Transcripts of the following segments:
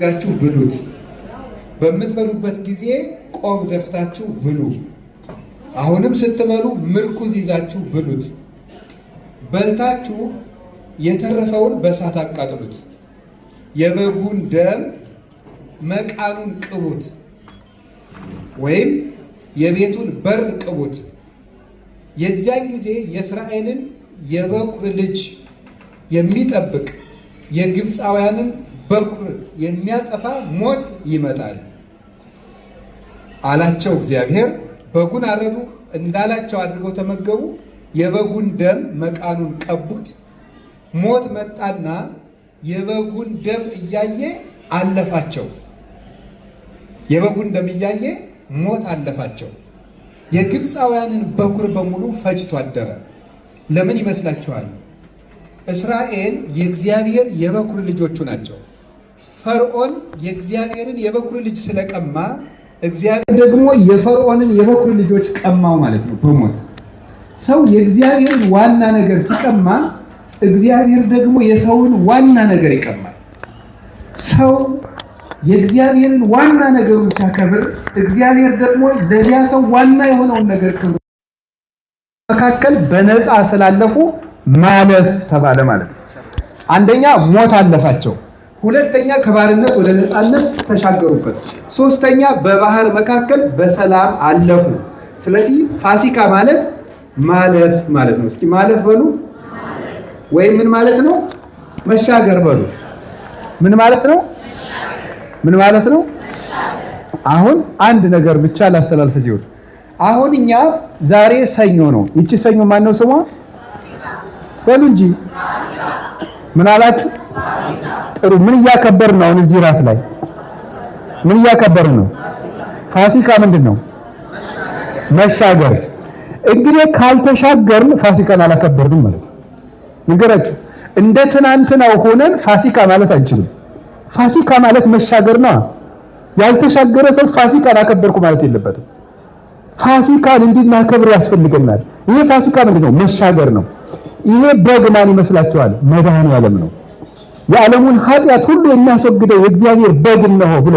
ጋችሁ ብሉት። በምትበሉበት ጊዜ ቆብ ደፍታችሁ ብሉ። አሁንም ስትበሉ ምርኩዝ ይዛችሁ ብሉት። በልታችሁ የተረፈውን በእሳት አቃጥሉት። የበጉን ደም መቃኑን ቅቡት፣ ወይም የቤቱን በር ቅቡት። የዚያን ጊዜ የእስራኤልን የበኩር ልጅ የሚጠብቅ የግብፃውያንን በኩር የሚያጠፋ ሞት ይመጣል አላቸው። እግዚአብሔር በጉን አረዱ፣ እንዳላቸው አድርገው ተመገቡ። የበጉን ደም መቃኑን ቀቡት። ሞት መጣና የበጉን ደም እያየ አለፋቸው። የበጉን ደም እያየ ሞት አለፋቸው። የግብፃውያንን በኩር በሙሉ ፈጅቶ አደረ። ለምን ይመስላችኋል? እስራኤል የእግዚአብሔር የበኩር ልጆቹ ናቸው። ፈርዖን የእግዚአብሔርን የበኩር ልጅ ስለቀማ እግዚአብሔር ደግሞ የፈርዖንን የበኩር ልጆች ቀማው ማለት ነው በሞት ሰው የእግዚአብሔርን ዋና ነገር ሲቀማ እግዚአብሔር ደግሞ የሰውን ዋና ነገር ይቀማል። ሰው የእግዚአብሔርን ዋና ነገሩን ሲያከብር እግዚአብሔር ደግሞ ለዚያ ሰው ዋና የሆነውን ነገር ክብሩ መካከል በነፃ ስላለፉ ማለፍ ተባለ ማለት ነው። አንደኛ ሞት አለፋቸው። ሁለተኛ ከባርነት ወደ ነፃነት ተሻገሩበት። ሶስተኛ በባህር መካከል በሰላም አለፉ። ስለዚህ ፋሲካ ማለት ማለፍ ማለት ነው። እስኪ ማለፍ በሉ ወይም ምን ማለት ነው? መሻገር በሉ። ምን ማለት ነው? ምን ማለት ነው? አሁን አንድ ነገር ብቻ ላስተላልፍ። ሲሆን አሁን እኛ ዛሬ ሰኞ ነው። ይቺ ሰኞ ማን ነው ስሟ? በሉ እንጂ ምን አላችሁ? ጥሩ ምን እያከበር ነው? አሁን እዚህ ራት ላይ ምን እያከበር ነው? ፋሲካ ምንድን ነው? መሻገር። እንግዲህ ካልተሻገርን ፋሲካን አላከበርንም ማለት ነው። ንገራችሁ እንደ ትናንትናው ሆነን ፋሲካ ማለት አንችልም። ፋሲካ ማለት መሻገር ነው። ያልተሻገረ ሰው ፋሲካ አላከበርኩ ማለት የለበትም። ፋሲካን እንድናከብር ያስፈልገናል። ይሄ ፋሲካ ምንድን ነው? መሻገር ነው። ይሄ በግ ማን ይመስላችኋል? መድኃኔ ዓለም ነው። የዓለሙን ኃጢአት ሁሉ የሚያስወግደው የእግዚአብሔር በግ እነሆ ብሎ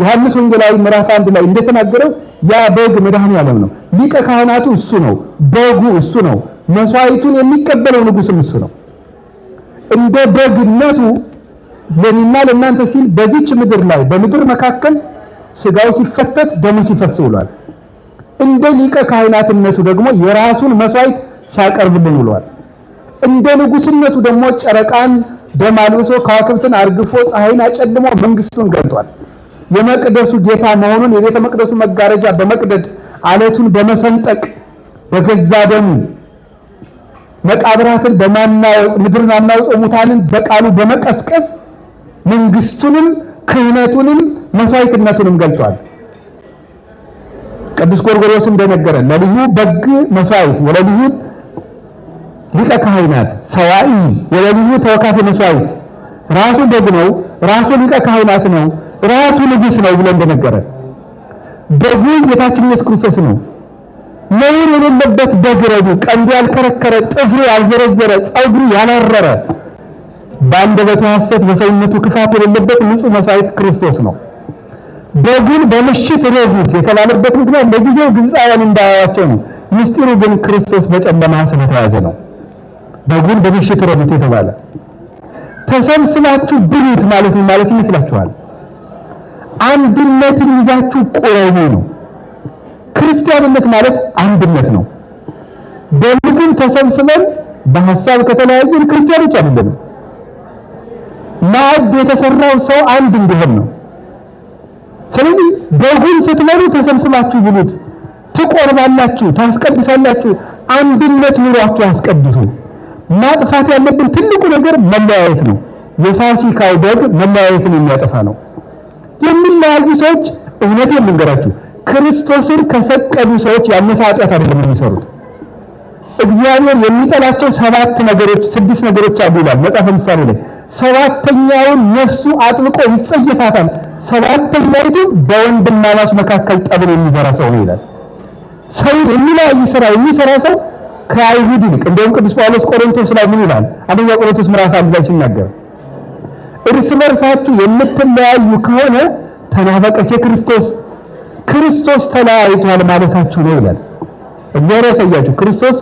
ዮሐንስ ወንጌላዊ ምዕራፍ አንድ ላይ እንደተናገረው ያ በግ መድኃኔ ዓለም ነው። ሊቀ ካህናቱ እሱ ነው፣ በጉ እሱ ነው፣ መስዋዕቱን የሚቀበለው ንጉሥም እሱ ነው። እንደ በግነቱ ለእኔና ለእናንተ ሲል በዚች ምድር ላይ በምድር መካከል ስጋው ሲፈተት ደሙ ሲፈስ ውሏል። እንደ ሊቀ ካህናትነቱ ደግሞ የራሱን መስዋዕት ሲያቀርብልን ውሏል። እንደ ንጉሥነቱ ደግሞ ጨረቃን ደም አልብሶ ከዋክብትን አርግፎ ፀሐይን አጨልሞ መንግስቱን ገልጧል። የመቅደሱ ጌታ መሆኑን የቤተ መቅደሱ መጋረጃ በመቅደድ አለቱን በመሰንጠቅ በገዛ ደሙ መቃብራትን በማናወጽ ምድርን አናውጾ ሙታንን በቃሉ በመቀስቀስ መንግስቱንም ክህነቱንም መስዋዕትነቱንም ገልጧል። ቅዱስ ጎርጎርዮስ እንደነገረን ለልዩ በግ መስዋዕት ወለልዩን ሊቀ ካህናት ሰዋኢ ወለልዩ ተወካፊ መስዋዕት ራሱ ደግ ነው፣ ራሱ ሊቀ ካህናት ነው፣ ራሱ ንጉስ ነው ብሎ እንደነገረ በጉ ጌታችን ኢየሱስ ክርስቶስ ነው። ነውር የሌለበት በግረዱ ቀንዱ ያልከረከረ ጥፍሩ ያልዘረዘረ ፀጉሩ ያላረረ በአንደበቱ ሐሰት በሰውነቱ ክፋት የሌለበት ንጹህ መስዋዕት ክርስቶስ ነው። በጉን በምሽት ረጉት የተባለበት ምክንያት በጊዜው ግብፃውያን እንዳያያቸው ነው። ምስጢሩ ግን ክርስቶስ በጨለማ ስለተያዘ ነው። በጉን በምሽት ረዱት የተባለ ተሰብስባችሁ ብሉት ማለት ነው ማለት ይመስላችኋል? አንድነትን ይዛችሁ ቆሙ ነው። ክርስቲያንነት ማለት አንድነት ነው። በምግብ ተሰብስበን በሀሳብ ከተለያየን ክርስቲያኖች አይደለንም። ማዕድ የተሰራው ሰው አንድ እንዲሆን ነው። ስለዚህ በጉን ስትመሩ ተሰብስባችሁ ብሉት፣ ትቆርባላችሁ፣ ታስቀድሳላችሁ። አንድነት ኑሯችሁ አስቀድሱ። ማጥፋት ያለብን ትልቁ ነገር መለያየት ነው። የፋሲካው በግ መለያየትን የሚያጠፋ ነው። የሚለያዩ ሰዎች እውነት የምንገራችሁ ክርስቶስን ከሰቀሉ ሰዎች ያነሰ ኃጢአት አይደለም የሚሰሩት። እግዚአብሔር የሚጠላቸው ሰባት ነገሮች ስድስት ነገሮች አሉ ይላል መጽሐፈ ምሳሌ ላይ። ሰባተኛውን ነፍሱ አጥብቆ ይጸየፋታል። ሰባተኛይቱ በወንድማማች መካከል ጠብን የሚዘራ ሰው ነው ይላል። ሰው የሚለያይ ስራ የሚሰራ ሰው ከአይሁድ ይልቅ እንደውም ቅዱስ ጳውሎስ ቆሮንቶስ ላይ ምን ይላል? አንደኛ ቆሮንቶስ ምዕራፍ አንድ ላይ ሲናገር እርስ በርሳችሁ የምትለያዩ ከሆነ ተናበቀች የክርስቶስ ክርስቶስ ተለያይቷል ማለታችሁ ነው ይላል። እግዚአብሔር ያሳያችሁ። ክርስቶስ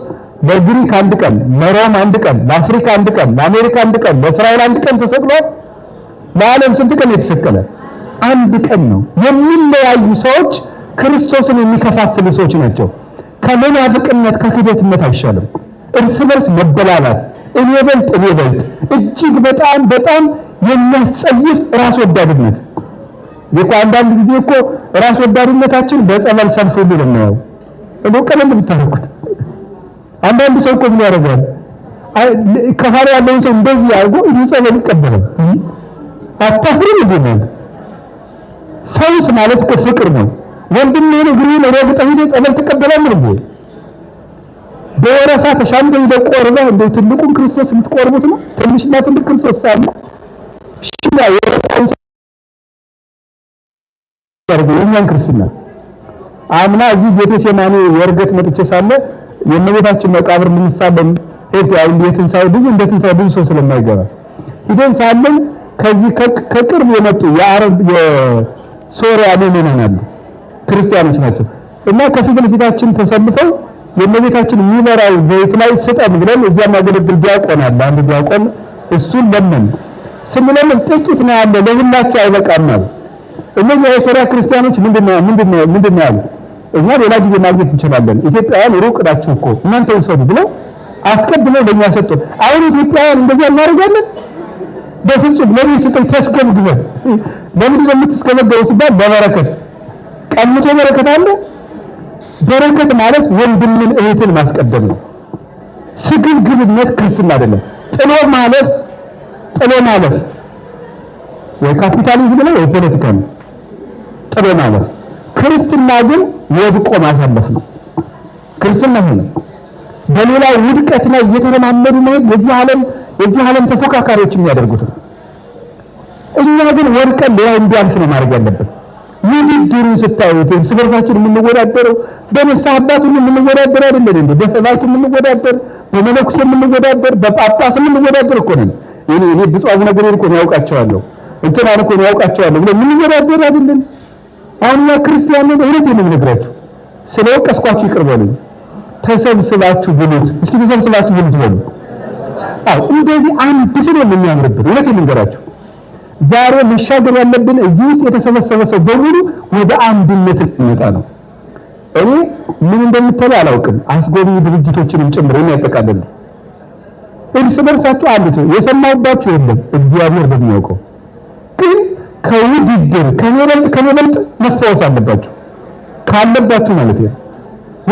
በግሪክ አንድ ቀን፣ ለሮም አንድ ቀን፣ ለአፍሪካ አንድ ቀን፣ ለአሜሪካ አንድ ቀን፣ ለእስራኤል አንድ ቀን ተሰቅሏል። ለዓለም ስንት ቀን የተሰቀለ? አንድ ቀን ነው። የሚለያዩ ሰዎች ክርስቶስን የሚከፋፍሉ ሰዎች ናቸው። ከመናፍቅነት ከክደትነት አይሻልም። እርስ በርስ መበላላት፣ እኔ በልጥ እኔ በልጥ፣ እጅግ በጣም በጣም የሚያስጸይፍ ራስ ወዳድነት እኮ አንዳንድ ጊዜ እኮ ራስ ወዳድነታችን በጸበል ሰልፍ ሁሉ ነው እኮ ቀለም ብታረቁት አንዳንድ ሰው እኮ ምን ያደርጋል? ከፋሪ ያለውን ሰው እንደዚህ አድርጎ እንዲህ ጸበል ይቀበላል። አታፍሪም? ግን ሰውስ ማለት እኮ ፍቅር ነው። ወንድሜን እግሩን ረግጠህ ሂደህ ጸበል ትቀበላለህ እንዴ? በወረፋ ተሻምደህ ይደቆርበ ቆርበህ እንደ ትልቁን ክርስቶስ ልትቆርቡት ነው? ትንሽና ትልቅ ክርስቶስ ሳለ ሽማ የወረፋን ያርጉ የእኛን ክርስትና አምና እዚህ ጌቴሴማኒ ወርገት መጥቼ ሳለ የእመቤታችን መቃብር ልንሳለም ሄድ አይል የትንሣኤ ብዙ እንደ ትንሣኤ ብዙ ሰው ስለማይገባ ሂደን ሳለን ከዚህ ከቅርብ የመጡ የአረብ የሶሪያ ምዕመናን አሉ ክርስቲያኖች ናቸው እና ከፊት ለፊታችን ተሰልፈው የእመቤታችን የሚመራው ዘይት ላይ ስጠን ብለን እዚያ ማገለግል ዲያቆን አለ። አንድ ዲያቆን እሱን ለምን ስንለምን ጥቂት ነው ያለ ለሁላቸው አይበቃም አለ። እነዚህ የሶሪያ ክርስቲያኖች ምንድነው ምንድነው ምንድነው ያሉ እኛ ሌላ ጊዜ ማግኘት እንችላለን፣ ኢትዮጵያውያን ሩቅ ናችሁ እኮ እናንተ ውሰዱ ብለው አስቀድመው ለኛ ሰጡን። አሁን ኢትዮጵያውያን እንደዚያ እናደርጋለን? በፍጹም ለምን ስጠኝ ተስገብግበን ለምንድን ነው የምትስገበገቡ ሲባል በበረከት ቀምቶ በረከት አለ። በረከት ማለት ወንድምን እህትን ማስቀደም ነው። ስግብግብነት ክርስትና አይደለም። ጥሎ ማለፍ ጥሎ ማለፍ ወይ ካፒታሊዝም ነው ወይ ፖለቲካ ነው። ጥሎ ማለፍ ክርስትና ግን ወድቆ ማሳለፍ ነው። ክርስትና ሆነ በሌላ ውድቀት ላይ እየተለማመዱ ነው። የዚህ ዓለም የዚህ ዓለም ተፎካካሪዎች የሚያደርጉት እኛ ግን ወድቀን ሌላ እንዲያልፍ ነው ማድረግ ያለብን። ውድድሩን ስታዩት እርስ በርሳችን የምንወዳደረው በንስሐ አባቱ የምንወዳደር አይደለን እንዴ? በሰባቱ የምንወዳደር፣ በመነኩሴ የምንወዳደር፣ በጳጳስ የምንወዳደር እኮ ነን። እኔ እኔ ብፁዕ አቡነ ገብርኤል እኮ ነው ያውቃቸዋለሁ፣ እንትን አለ እኮ ነው ያውቃቸዋለሁ ብለን የምንወዳደር አይደለን። አሁን ያ ክርስቲያን ነው። እውነቴን ነው የምነግራችሁ። ስለወቀስኳችሁ ይቅር ተሰብስባችሁ ብሉት እስቲ፣ ተሰብስባችሁ ብሉት በሉ። አዎ እንደዚህ አንድ ስለሆነ የሚያምርብን እውነቴን ልንገራችሁ ዛሬ መሻገር ያለብን እዚህ ውስጥ የተሰበሰበ ሰው በሙሉ ወደ አንድነት እንመጣ ነው። እኔ ምን እንደምትለው አላውቅም። አስጎብኝ ድርጅቶችንም ጭምር የሚያጠቃልል እርስ በርሳቸው አሉት የሰማሁባቸው የለም። እግዚአብሔር በሚያውቀው ግን ከውድድር ከመበልጥ ከመበልጥ መፈወስ አለባችሁ ካለባችሁ ማለት ነው።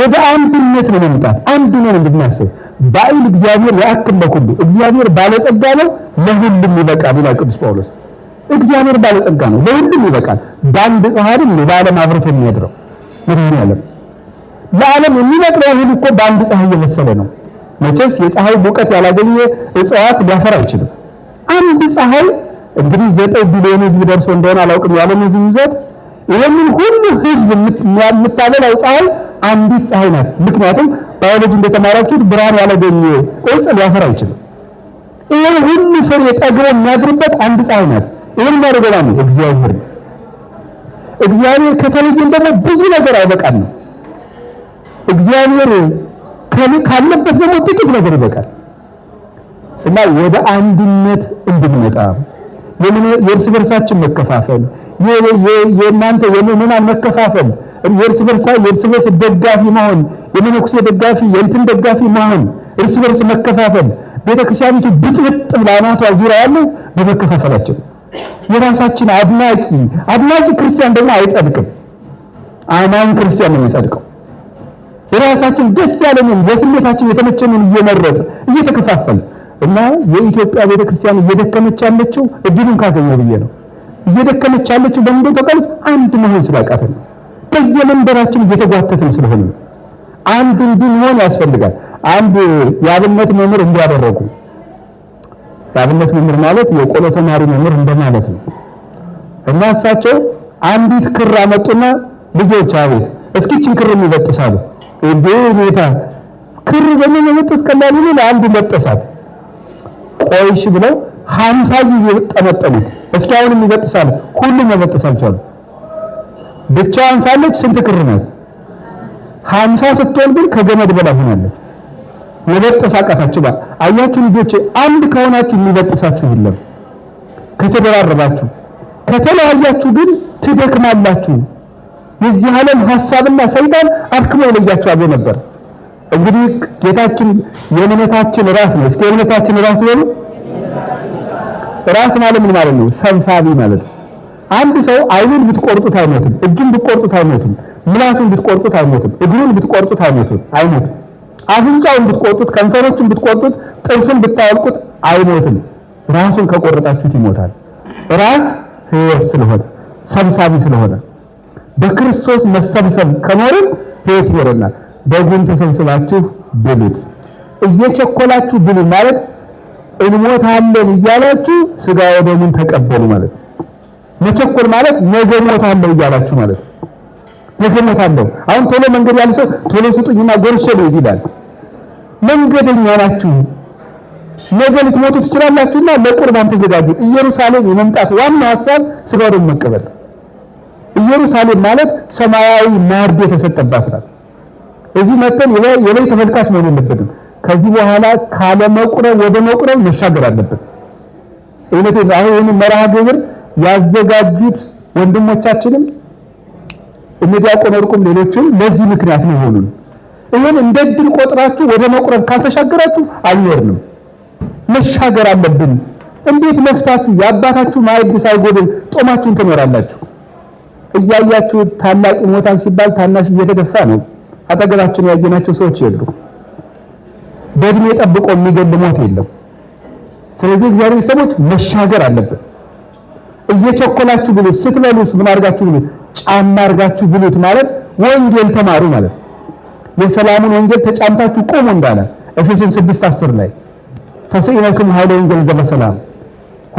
ወደ አንድነት ነው መምጣት። አንድ ነው እንድናስብ ባይል እግዚአብሔር ያክል ለሁሉ እግዚአብሔር ባለጸጋ ነው ለሁሉም ይበቃል ይላል ቅዱስ ጳውሎስ። እግዚአብሔር ባለጸጋ ነው፣ ለሁሉም ይበቃል። በአንድ ፀሐይም ነው በዓለም አብርቶ የሚያድረው ምንም ያለም ለዓለም የሚበቅለው እህል እኮ በአንድ ፀሐይ እየበሰለ ነው። መቼስ የፀሐይ ሙቀት ያላገኘ እጽዋት ሊያፈራ አይችልም። አንድ ፀሐይ እንግዲህ ዘጠኝ ቢሊዮን ህዝብ ደርሶ እንደሆነ አላውቅም የዓለም ህዝብ ይዘት ይህንን ሁሉ ህዝብ የምታበላው ፀሐይ አንዲት ፀሐይ ናት። ምክንያቱም ባዮሎጂ እንደተማራችሁት ብርሃን ያላገኘ እጽ ሊያፈራ አይችልም። ይህ ሁሉ ፍሬ ጠግቦ የሚያድርበት አንድ ፀሐይ ናት። ይህን ማድረገላ ነው እግዚአብሔር እግዚአብሔር ከተለየን ደግሞ ብዙ ነገር አይበቃል እግዚአብሔር እግዚአብሔር ካለበት ደግሞ ጥቂት ነገር ይበቃል እና ወደ አንድነት እንድንመጣ የእርስ በርሳችን መከፋፈል የእናንተ የምዕመናን መከፋፈል የእርስ በርሳ የእርስ በርስ ደጋፊ መሆን የመነኩሴ ደጋፊ የእንትን ደጋፊ መሆን እርስ በርስ መከፋፈል ቤተክርስቲያኒቱ ብጥብጥ ብላ አናቷ ዙሪያ ያለው በመከፋፈላቸው የራሳችን አድናቂ አድናቂ ክርስቲያን ደግሞ አይጸድቅም። አማኝ ክርስቲያን ነው የሚጸድቀው። የራሳችን ደስ ያለንን በስሜታችን የተመቸንን እየመረጠ እየተከፋፈለ እና የኢትዮጵያ ቤተክርስቲያን እየደከመች ያለችው እድሉን ካገኘ ብዬ ነው። እየደከመች ያለችው በምንድን ተቀሉት አንድ መሆን ስላቃተን ነው። በየመንበራችን እየተጓተትን ስለሆነ አንድ እንድንሆን ያስፈልጋል። አንድ የአብነት መምህር እንዲያደረጉ የአብነት መምህር ማለት የቆሎ ተማሪ መምህር እንደማለት ነው። እና እሳቸው አንዲት ክር አመጡና ልጆች አቤት እስኪችን ክር የሚበጥሳሉ እንዴ ኔታ ክር በምን መበጠስ ቀላል ነው። ለአንዱ በጠሳት ቆይሽ ብለው ሀምሳ ጊዜ ጠመጠሙት። እስኪ አሁንም ይበጥሳሉ። ሁሉም መበጠስ አልቻሉ። ብቻዋን ሳለች ስንት ክር ናት? ሀምሳ ስትሆን ግን ከገመድ በላይ ሆናለች። መበጠስ አቃታችሁ። አያችሁ ልጆች፣ አንድ ከሆናችሁ የሚበጥሳችሁ የለም። ከተደራረባችሁ፣ ከተለያያችሁ ግን ትደክማላችሁ። የዚህ ዓለም ሐሳብና ሰይጣን አድክሞ ይለያችሁ አብሮ ነበር። እንግዲህ ጌታችን የእምነታችን ራስ ነው። እስኪ የእምነታችን ራስ ነው። ራስ ማለት ምን ማለት ነው? ሰብሳቢ ማለት ነው። አንድ ሰው አይኑን ብትቆርጡት አይሞትም፣ እጁን ብትቆርጡት አይሞትም፣ ምላሱን ብትቆርጡት አይሞትም፣ እግሩን ብትቆርጡት አይሞትም አይሞትም አፍንጫውን ብትቆጡት፣ ከንፈሮቹን ብትቆጡት፣ ጥርሱን ብታወልቁት አይሞትም። ራሱን ከቆረጣችሁት ይሞታል። ራስ ህይወት ስለሆነ ሰብሳቢ ስለሆነ በክርስቶስ መሰብሰብ ከኖርን ህይወት ይኖረናል። በጉን ተሰብስባችሁ ብሉት። እየቸኮላችሁ ብሉ ማለት እንሞታለን እያላችሁ ስጋ ወደሙን ተቀበሉ ማለት ነው። መቸኮል ማለት ነገ ሞታለን እያላችሁ ማለት ነው። አለው። አሁን ቶሎ መንገድ ያለ ሰው ቶሎ ስጡኝና ጎርሼ ልሂድ ይላል። መንገደኛ ናችሁ፣ ነገ ልትሞቱ ትችላላችሁና ለቁርባን ተዘጋጁ። ኢየሩሳሌም የመምጣት ዋና ሀሳብ ስጋውን መቀበል። ኢየሩሳሌም ማለት ሰማያዊ ማዕድ የተሰጠባት ናት። እዚህ መተን የላይ ተመልካች መሆን የለበትም። ከዚህ በኋላ ካለ መቁረብ ወደ መቁረብ መሻገር አለበት። እውነቴን አሁን ይህን መርሃ ግብር ያዘጋጁት ወንድሞቻችንም እነ ዲያቆን ወርቁም ሌሎችም ለዚህ ምክንያት ነው የሆኑን። ይህን እንደ ድል ቆጥራችሁ ወደ መቁረብ ካልተሻገራችሁ አይኖርንም። መሻገር አለብን። እንዴት ለፍታችሁ የአባታችሁ ማዕድ ሳይጎድል ጦማችሁን ትኖራላችሁ? እያያችሁ ታላቅ ሞታን ሲባል ታናሽ እየተደፋ ነው። አጠገባችን ያየናቸው ሰዎች የሉ። በእድሜ ጠብቆ የሚገል ሞት የለም። ስለዚህ እግዚአብሔር ሰዎች መሻገር አለብን። እየቸኮላችሁ ብሉ ስትበሉስ ምን አድርጋችሁ ብሉ? ጫማ አድርጋችሁ ብሉት ማለት ወንጌል ተማሩ ማለት የሰላሙን ወንጌል ተጫምታችሁ ቆሙ እንዳለ ኤፌሶን 6 10 ላይ ተሰይነክሙ ኃይለ ወንጌል ዘበሰላም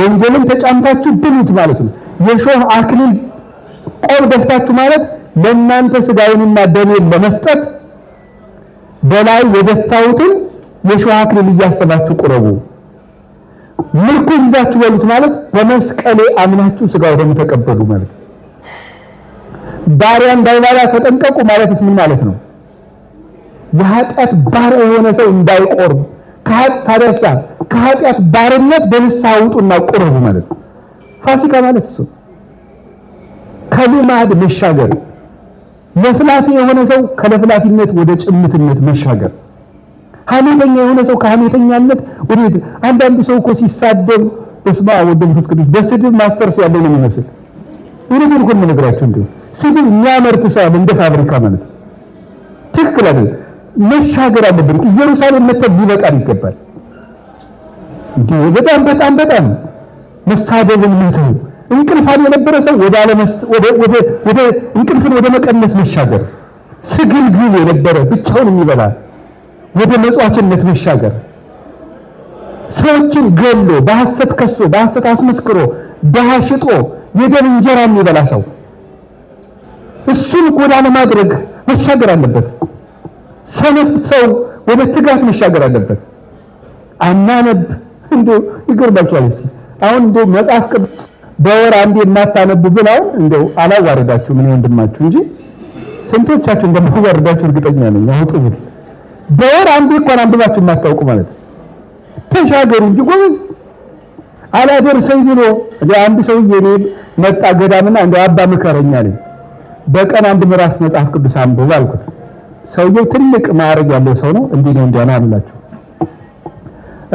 ወንጌልን ተጫምታችሁ ብሉት ማለት ነው። የሾህ አክሊል ቆል ደፍታችሁ ማለት ለእናንተ ስጋዬንና ደሜን ለመስጠት በላይ የደፋሁትን የሾህ አክሊል እያሰባችሁ ቁረቡ። ምርኩዝ ይዛችሁ በሉት ማለት በመስቀሌ አምናችሁ ስጋው ወደሙ ተቀበሉ ማለት ነው። ባሪያ እንዳይባላ ተጠንቀቁ ማለትስ ምን ማለት ነው? የኃጢአት ባሪያ የሆነ ሰው እንዳይቆርብ ታደሳ ከኃጢአት ባርነት በንስሐ ውጡና ቁረቡ ማለት ነው። ፋሲካ ማለት እሱ ከልማድ መሻገር፣ ለፍላፊ የሆነ ሰው ከለፍላፊነት ወደ ጭምትነት መሻገር፣ ሐሜተኛ የሆነ ሰው ከሐሜተኛነት ወደ አንዳንዱ ሰው እኮ ሲሳደብ በስመ አብ ወወልድ ወመንፈስ ቅዱስ በስድብ ማስተርስ ያለው ነው የሚመስል እውነቴን እኮ የምነግራችሁ እንዲሁ ሲቪል የሚያመርት ሰው እንደ ፋብሪካ ማለት ነው። ትክክል መሻገር አለብን። ኢየሩሳሌም መተን ሊበቃን ይገባል። እንዴ በጣም በጣም በጣም መሳደብን መተው እንቅልፋን የነበረ ሰው ወደ ወደ እንቅልፍን ወደ መቀነስ መሻገር፣ ስግልግል የነበረ ብቻውን የሚበላ ወደ መጽዋችነት መሻገር፣ ሰዎችን ገሎ በሐሰት ከሶ በሐሰት አስመስክሮ ድሃ ሽጦ የደም እንጀራ የሚበላ ሰው እሱን ጎዳ ለማድረግ መሻገር አለበት። ሰነፍ ሰው ወደ ትጋት መሻገር አለበት። አናነብ እንዶ ይገርባችኋል። እስቲ አሁን እንዶ መጽሐፍ ቅዱስ በወር አንዴ እናታነቡ ብለው እንዶ አላዋረዳችሁ ምን ወንድማችሁ እንጂ ስንቶቻችሁ እንደማዋርዳችሁ እርግጠኛ ነኝ። አውጡ ብል በወር አንዴ እንኳን አንብባችሁ የማታውቁ ማለት ተሻገሩ እንጂ ጎበዝ። አላደርሰኝ ብሎ አንድ ሰውዬ እኔ መጣ ገዳምና እንደ አባ ምከረኛ ነኝ በቀን አንድ ምዕራፍ መጽሐፍ ቅዱስ አንብብ አልኩት። ሰውየው ትልቅ ማዕረግ ያለው ሰው ነው። እንዲህ ነው እንዲያና ነው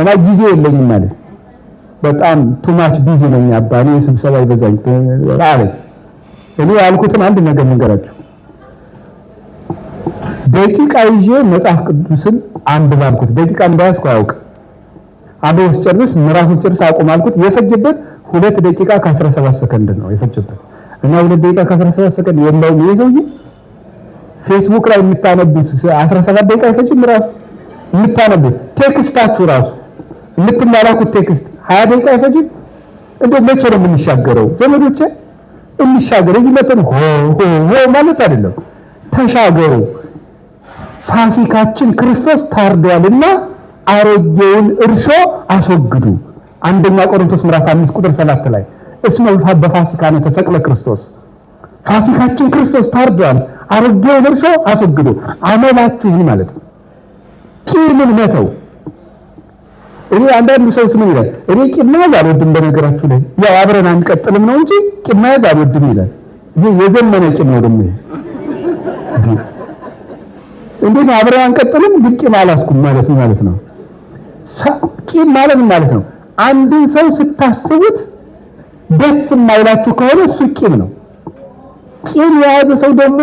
እና ጊዜ የለኝም ማለት በጣም ቱማች ቢዚ ነኝ አባ እኔ ስብሰባ ይበዛኝ አለ። እኔ ያልኩትን አንድ ነገር ነገራቸው። ደቂቃ ይዤ መጽሐፍ ቅዱስን አንብብ አልኩት። ደቂቃ እንዳያስኩ አያውቅ አንብቦ ስጨርስ ምዕራፉን ጨርስ አቁም አልኩት። የፈጀበት ሁለት ደቂቃ ከ17 ሰከንድ ነው የፈጀበት እና ሁለት ደቂቃ ከ17 ሰከንድ የለውም። ይሄ ሰውዬ ፌስቡክ ላይ የምታነቡት 17 ደቂቃ አይፈጅም። ራሱ የምታነቡት ቴክስታችሁ ራሱ የምትላላኩት ቴክስት 20 ደቂቃ አይፈጅም። እንደው መቼ ነው የምንሻገረው? ዘመዶቼ እንሻገር። እዚህ መተን ሆ ሆ ሆ ማለት አይደለም፣ ተሻገሩ። ፋሲካችን ክርስቶስ ታርዷልና አሮጌውን እርሾ አስወግዱ። አንደኛ ቆሮንቶስ ምዕራፍ 5 ቁጥር 7 ላይ እስመ በፋሲካ ነው ተሰቅለ ክርስቶስ ፋሲካችን ክርስቶስ ታርዷል። አሮጌው እርሾ አስወግዱ፣ አመላችሁን ማለት ነው። ቂምን መተው። እኔ አንዳንዱ ሰውስ ምን ይላል? እኔ ቂም መያዝ አልወድም። በነገራችሁ ላይ ያው አብረን አንቀጥልም ነው እንጂ ቂም መያዝ አልወድም ይላል። ይህ የዘመነ ቂም ነው። ደግሞ እንዴ ነው አብረን አንቀጥልም ግን ቂም አላስኩም ማለት ማለት ነው። ቂም ማለት ማለት ነው አንድን ሰው ስታስቡት ደስ የማይላችሁ ከሆነ እሱ ቂም ነው። ቂም የያዘ ሰው ደግሞ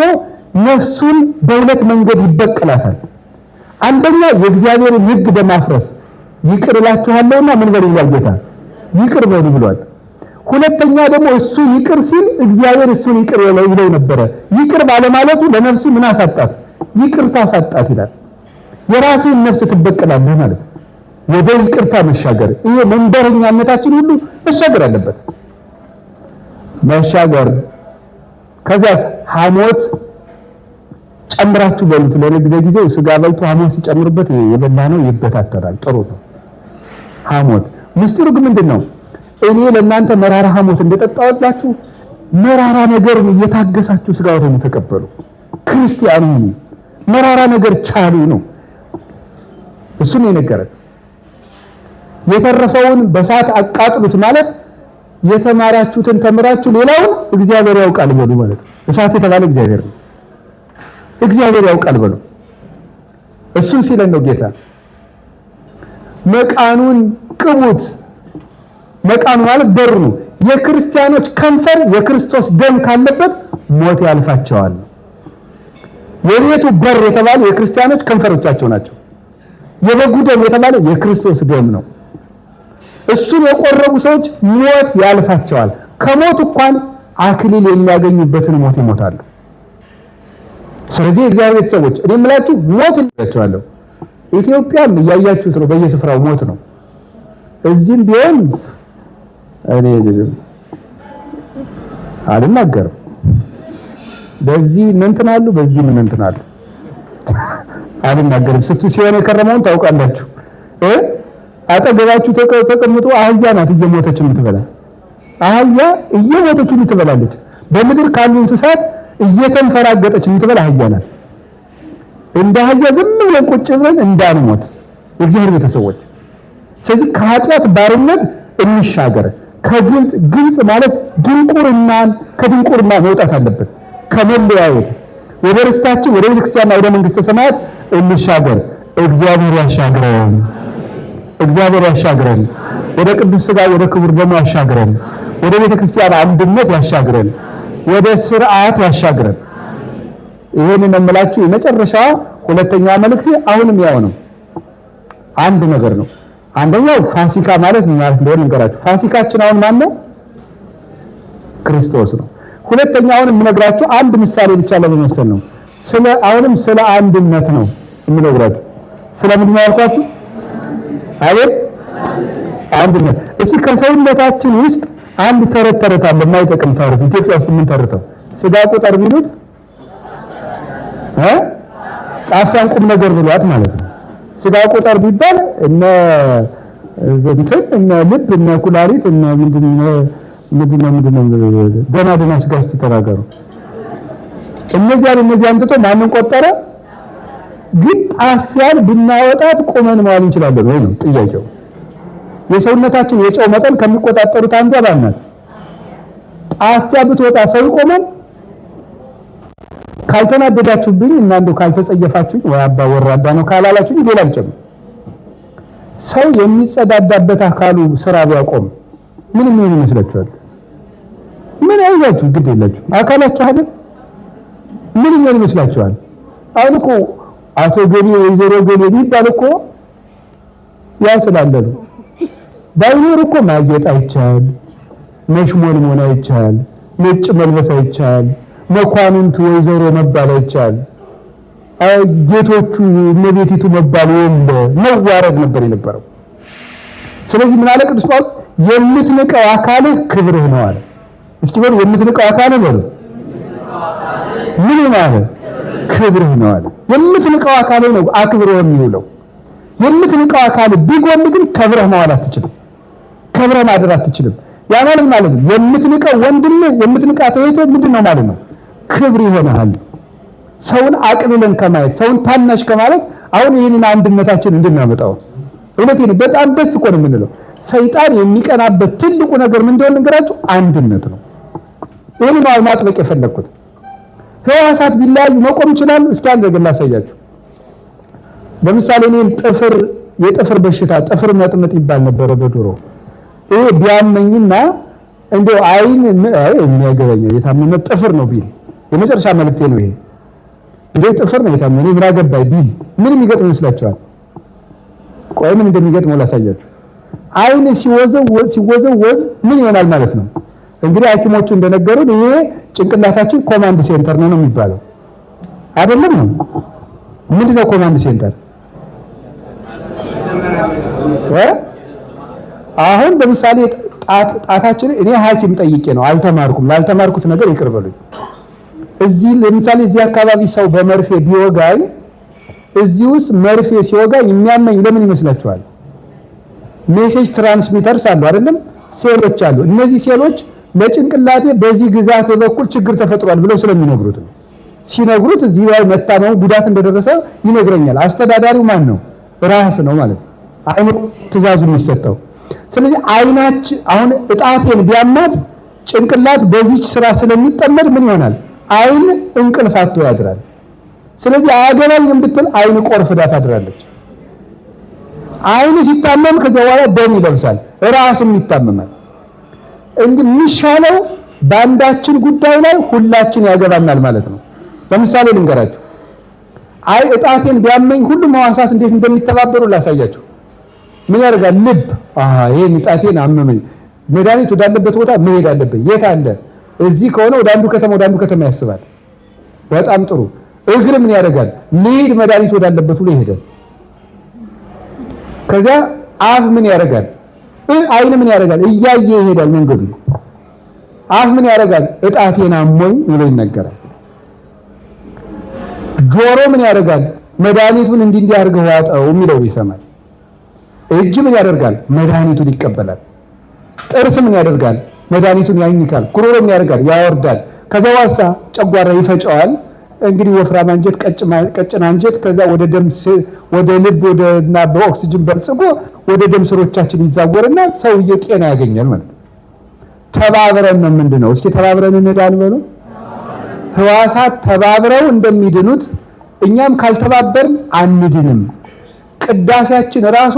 ነፍሱን በሁለት መንገድ ይበቅላታል። አንደኛ የእግዚአብሔርን ሕግ በማፍረስ ይቅር እላችኋለሁና ምን በል ይሏል ጌታ ይቅር በሉ ብሏል። ሁለተኛ ደግሞ እሱ ይቅር ሲል እግዚአብሔር እሱን ይቅር ይለው ነበረ። ይቅር ባለማለቱ ለነፍሱ ምን አሳጣት? ይቅርታ አሳጣት ይላል። የራስህን ነፍስ ትበቅላለህ ማለት ወደ ይቅርታ መሻገር። ይሄ መንበረኛነታችን ሁሉ መሻገር አለበት። መሻገር ከዚያ ሐሞት ጨምራችሁ በሉት። ለንግድ ጊዜው ስጋ በልቶ ሐሞት ሲጨምርበት የበላ ነው ይበታተናል። ጥሩ ነው። ሐሞት ምስጢሩ ግን ምንድን ነው? እኔ ለእናንተ መራራ ሐሞት እንደጠጣሁላችሁ መራራ ነገር እየታገሳችሁ ስጋ ወደሙ ተቀበሉ። ክርስቲያኑ መራራ ነገር ቻሉ ነው። እሱን የነገረን የተረፈውን በሳት አቃጥሉት ማለት የተማራችሁትን ተምራችሁ ሌላውን እግዚአብሔር ያውቃል በሉ ማለት ነው። እሳት የተባለ እግዚአብሔር ነው። እግዚአብሔር ያውቃል በሉ። እሱን ሲለን ነው ጌታ መቃኑን ቅቡት። መቃኑ ማለት በሩ ነው። የክርስቲያኖች ከንፈር የክርስቶስ ደም ካለበት ሞት ያልፋቸዋል። የቤቱ በር የተባሉ የክርስቲያኖች ከንፈሮቻቸው ናቸው። የበጉ ደም የተባለ የክርስቶስ ደም ነው። እሱን የቆረቡ ሰዎች ሞት ያልፋቸዋል። ከሞት እንኳን አክሊል የሚያገኙበትን ሞት ይሞታሉ። ስለዚህ እግዚአብሔር ሰዎች እኔ የምላችሁ ሞት እላችኋለሁ። ኢትዮጵያም እያያችሁት ነው፣ በየስፍራው ሞት ነው። እዚህም ቢሆን እኔ አልናገርም። በዚህ ምን እንትን አሉ፣ በዚህ ምን አሉ፣ አልናገርም። ስቱ ሲሆን የከረመውን ታውቃላችሁ። አጠገባችሁ ተቀምጦ አህያ ናት እየሞተች የምትበላ አህያ እየሞተች የምትበላለች በምድር ካሉ እንስሳት እየተንፈራገጠች የምትበላ አህያ ናት። እንደ አህያ ዝም ብለን ቁጭ ብለን እንዳንሞት የእግዚአብሔር ቤተሰቦች። ስለዚህ ከኃጢአት ባርነት እንሻገር። ከግልጽ ግልጽ ማለት ድንቁርናን ከድንቁርና መውጣት አለብን። ከመለያየት ወደ ርስታችን ወደ ቤተክርስቲያንና ወደ መንግስተ ሰማያት እንሻገር። እግዚአብሔር ያሻግረን። እግዚአብሔር ያሻግረን፣ ወደ ቅዱስ ሥጋ ወደ ክቡር ደግሞ ያሻግረን፣ ወደ ቤተ ክርስቲያን አንድነት ያሻግረን፣ ወደ ስርዓት ያሻግረን። ይህንን የምላችሁ የመጨረሻ ሁለተኛ መልእክቴ አሁንም ያው ነው። አንድ ነገር ነው። አንደኛው ፋሲካ ማለት ምን ማለት እንደሆነ እንገራችሁ። ፋሲካችን አሁን ማን ነው? ክርስቶስ ነው። ሁለተኛውን የምነግራችሁ አንድ ምሳሌ ብቻ ለመመሰል ነው። ስለ አሁንም ስለ አንድነት ነው የምነግራችሁ። ስለምንድን ነው ያልኳችሁ? አቤት አንድነት። እስኪ ከሰውነታችን ውስጥ አንድ ተረት ተረት አለ፣ የማይጠቅም ተረት። ኢትዮጵያ ውስጥ ምን ተረተው ስጋ ቁጠር ቢሉት እ ጣፋን ቁም ነገር ብሏት ማለት ነው። ስጋ ቁጠር ቢባል እነ እንትን እነ ልብ እነ ኩላሊት እነ ምንድን ምንድነው ምንድነው ደና ደና ስጋ ስትተናገሩ እነዚያን እነዚያን አንጥቶ ማንን ቆጠረ? ግን ጣፊያን ብናወጣት ቆመን መዋል እንችላለን ወይ ነው ጥያቄው። የሰውነታችን የጨው መጠን ከሚቆጣጠሩት አንዷ ባናት ጣፊያ ብትወጣ ሰው ቆመን ካልተናደዳችሁብኝ እና እንደው ካልተጸየፋችሁኝ ወይ አባ ወራዳ ነው ካላላችሁኝ ሌላ አልጨምር። ሰው የሚጸዳዳበት አካሉ ስራ ቢያቆም ምን ምን ይመስላችኋል? ምን አይዛችሁ ግድ የላችሁ አካላችሁ አይደል? ምን ምን ይመስላችኋል? አሁን እኮ አቶ ገሌ ወይዘሮ ገሌ ቢባል እኮ ያው ስላለ ነው። ባይኖር እኮ ማጌጥ አይቻል፣ መሽሞንሞን አይቻል፣ ነጭ መልበስ አይቻል፣ መኳንንቱ ወይዘሮ መባል አይቻል፣ ጌቶቹ እመቤቲቱ መባል የለ መዋረድ ነበር የነበረው። ስለዚህ ምን አለ ቅዱስ ጳውሎስ የምትንቀው አካልህ ክብርህ ነው አለ። እስኪ በሉ የምትንቀው አካልህ በሉ ምን ማለት ክብርህ ነው አለ። የምትንቀው አካል ነው አክብሮ የሚውለው። የምትንቀው አካል ቢጎል ግን ከብረህ መዋል አትችልም፣ ከብረህ ማደር አትችልም። ያ ማለት ማለት የምትንቀው ወንድምህ የምትንቃት እህት ምንድን ነው ማለት ነው? ክብር ይሆናል። ሰውን አቅልለን ከማየት ሰውን ታናሽ ከማለት አሁን ይህንን አንድነታችን እንድናመጣው እውነት በጣም ደስ እኮ ነው የምንለው። ሰይጣን የሚቀናበት ትልቁ ነገር ምን እንደሆነ ንገራችሁ፣ አንድነት ነው። ይህን ማጥበቅ የፈለግኩት ህዋሳት ቢለያዩ መቆም ይችላሉ። እስኪ አንድ ነገር ላሳያችሁ። ለምሳሌ እኔም ጥፍር የጥፍር በሽታ ጥፍር መጥመጥ ይባል ነበረ በድሮ። ይሄ ቢያመኝና እንደው አይን የሚያገበኝ የታመመ ጥፍር ነው ቢል የመጨረሻ መልእክቴ ነው ይሄ። እንደ ጥፍር ነው የታመመ ምን አገባኝ ቢል ምን የሚገጥም ይመስላችኋል? ቆይ ምን እንደሚገጥመው ላሳያችሁ። አይን ሲወዘወዝ ሲወዘወዝ ምን ይሆናል ማለት ነው እንግዲህ ሐኪሞቹ እንደነገሩን ይሄ ጭንቅላታችን ኮማንድ ሴንተር ነው ነው የሚባለው አይደለም ነው ምንድን ነው ኮማንድ ሴንተር አሁን ለምሳሌ ጣታችን እኔ ሀኪም ጠይቄ ነው አልተማርኩም ላልተማርኩት ነገር ይቅርበሉኝ እዚህ ለምሳሌ እዚህ አካባቢ ሰው በመርፌ ቢወጋኝ እዚህ ውስጥ መርፌ ሲወጋኝ የሚያመኝ ለምን ይመስላችኋል ሜሴጅ ትራንስሚተርስ አሉ አይደለም ሴሎች አሉ እነዚህ ሴሎች ለጭንቅላቴ በዚህ ግዛት በኩል ችግር ተፈጥሯል ብለው ስለሚነግሩት ነው። ሲነግሩት እዚህ ላይ መታመሙ ጉዳት እንደደረሰ ይነግረኛል። አስተዳዳሪው ማን ነው? ራስ ነው ማለት አይኑ ትእዛዙ የሚሰጠው ስለዚህ አይናች አሁን እጣቴን ቢያማት ጭንቅላት በዚች ስራ ስለሚጠመድ ምን ይሆናል? አይን እንቅልፍ አጥቶ ያድራል። ስለዚህ አያገባኝም ብትል አይን ቆርፍዳ ታድራለች። አይን ሲታመም ከዚያ በኋላ ደም ይለብሳል፣ ራስም ይታመማል። የሚሻለው በአንዳችን ጉዳይ ላይ ሁላችን ያገባናል ማለት ነው። ለምሳሌ ልንገራችሁ። አይ እጣቴን ቢያመኝ ሁሉም ሕዋሳት እንዴት እንደሚተባበሩ ላሳያችሁ። ምን ያደርጋል? ልብ ይህ እጣቴን አመመኝ፣ መድኃኒት ወዳለበት ቦታ መሄድ አለብኝ። የት አለ? እዚህ ከሆነ ወደ አንዱ ከተማ ወደ አንዱ ከተማ ያስባል። በጣም ጥሩ። እግር ምን ያደርጋል? ልሂድ መድኃኒት ወዳለበት ብሎ ይሄዳል። ከዚያ አፍ ምን ያደርጋል? አይን ምን ያደርጋል? እያየ ይሄዳል መንገዱ። አፍ ምን ያደርጋል? እጣቴን አሞኝ ብሎ ይነገራል። ጆሮ ምን ያደርጋል? መድኃኒቱን እንዲህ እንዲህ አድርገህ ዋጠው የሚለው ይሰማል። እጅ ምን ያደርጋል? መድኃኒቱን ይቀበላል። ጥርስ ምን ያደርጋል? መድኃኒቱን ያኝካል። ጉሮሮ ምን ያደርጋል? ያወርዳል። ከዛ ዋሳ ጨጓራ ይፈጨዋል። እንግዲህ ወፍራም አንጀት፣ ቀጭን አንጀት ከዛ ወደ ደም ወደ ልብ ወደና በኦክሲጅን በልጽጎ ወደ ደም ስሮቻችን ይዛወርና ሰውዬ ጤና ያገኛል ማለት ነው። ተባብረን ነው ምንድነው? እስኪ ተባብረን እንዳል በሉ ህዋሳት ተባብረው እንደሚድኑት እኛም ካልተባበርን አንድንም። ቅዳሴያችን ራሱ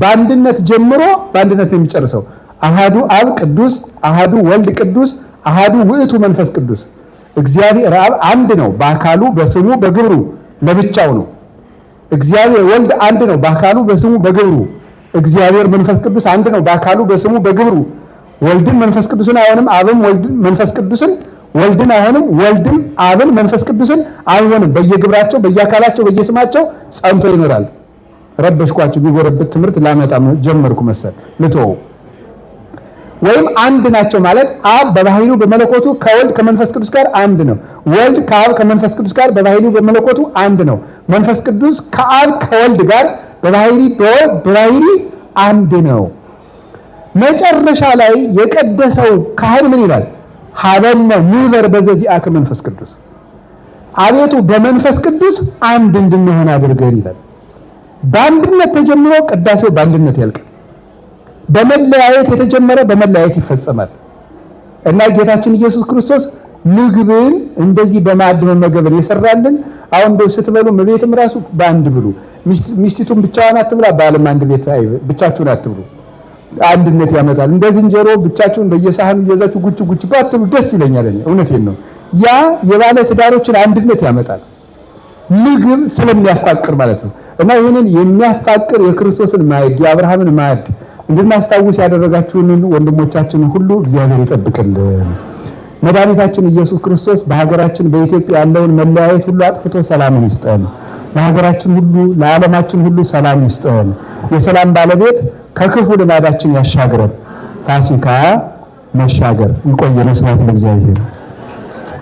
በአንድነት ጀምሮ በአንድነት ነው የሚጨርሰው። አሃዱ አብ ቅዱስ፣ አሃዱ ወልድ ቅዱስ፣ አሃዱ ውእቱ መንፈስ ቅዱስ እግዚአብሔር አብ አንድ ነው በአካሉ በስሙ በግብሩ ለብቻው ነው። እግዚአብሔር ወልድ አንድ ነው በአካሉ በስሙ በግብሩ። እግዚአብሔር መንፈስ ቅዱስ አንድ ነው በአካሉ በስሙ በግብሩ። ወልድን መንፈስ ቅዱስን አይሆንም፣ አብም ወልድን መንፈስ ቅዱስን ወልድን አይሆንም፣ ወልድም አብን መንፈስ ቅዱስን አይሆንም። በየግብራቸው በየአካላቸው በየስማቸው ጸንቶ ይኖራል። ረበሽኳቸው። ቢጎረበት ትምህርት ላመጣ ጀመርኩ መሰል ልትወው ወይም አንድ ናቸው ማለት አብ በባህሪው በመለኮቱ ከወልድ ከመንፈስ ቅዱስ ጋር አንድ ነው። ወልድ ከአብ ከመንፈስ ቅዱስ ጋር በባህሪው በመለኮቱ አንድ ነው። መንፈስ ቅዱስ ከአብ ከወልድ ጋር በባህሪ በባህሪ አንድ ነው። መጨረሻ ላይ የቀደሰው ካህን ምን ይላል? ሀበነ ንበር በዘዚአከ መንፈስ ቅዱስ፣ አቤቱ በመንፈስ ቅዱስ አንድ እንድንሆን አድርገን ይላል። በአንድነት ተጀምሮ ቅዳሴው በአንድነት ያልቅ በመለያየት የተጀመረ በመለያየት ይፈጸማል እና ጌታችን ኢየሱስ ክርስቶስ ምግብን እንደዚህ በማዕድ መመገብን የሰራልን። አሁን እንደው ስትበሉ ቤትም ራሱ በአንድ ብሉ። ሚስቲቱን ብቻዋን አትብላ፣ ባልም አንድ ቤት ብቻችሁን አትብሉ። አንድነት ያመጣል። እንደ ዝንጀሮ ብቻችሁን በየሳህኑ እየዛችሁ ጉች ጉች ባትሉ ደስ ይለኛል። እውነቴን ነው። ያ የባለ ትዳሮችን አንድነት ያመጣል። ምግብ ስለሚያፋቅር ማለት ነው። እና ይህንን የሚያፋቅር የክርስቶስን ማዕድ የአብርሃምን ማዕድ እንድናስታውስ ያደረጋችሁንን ወንድሞቻችን ሁሉ እግዚአብሔር ይጠብቅልን። መድኃኒታችን ኢየሱስ ክርስቶስ በሀገራችን በኢትዮጵያ ያለውን መለያየት ሁሉ አጥፍቶ ሰላምን ይስጠን። ለሀገራችን ሁሉ ለዓለማችን ሁሉ ሰላም ይስጠን። የሰላም ባለቤት ከክፉ ልማዳችን ያሻግረን። ፋሲካ መሻገር ይቆየን። ስብሐት ለእግዚአብሔር።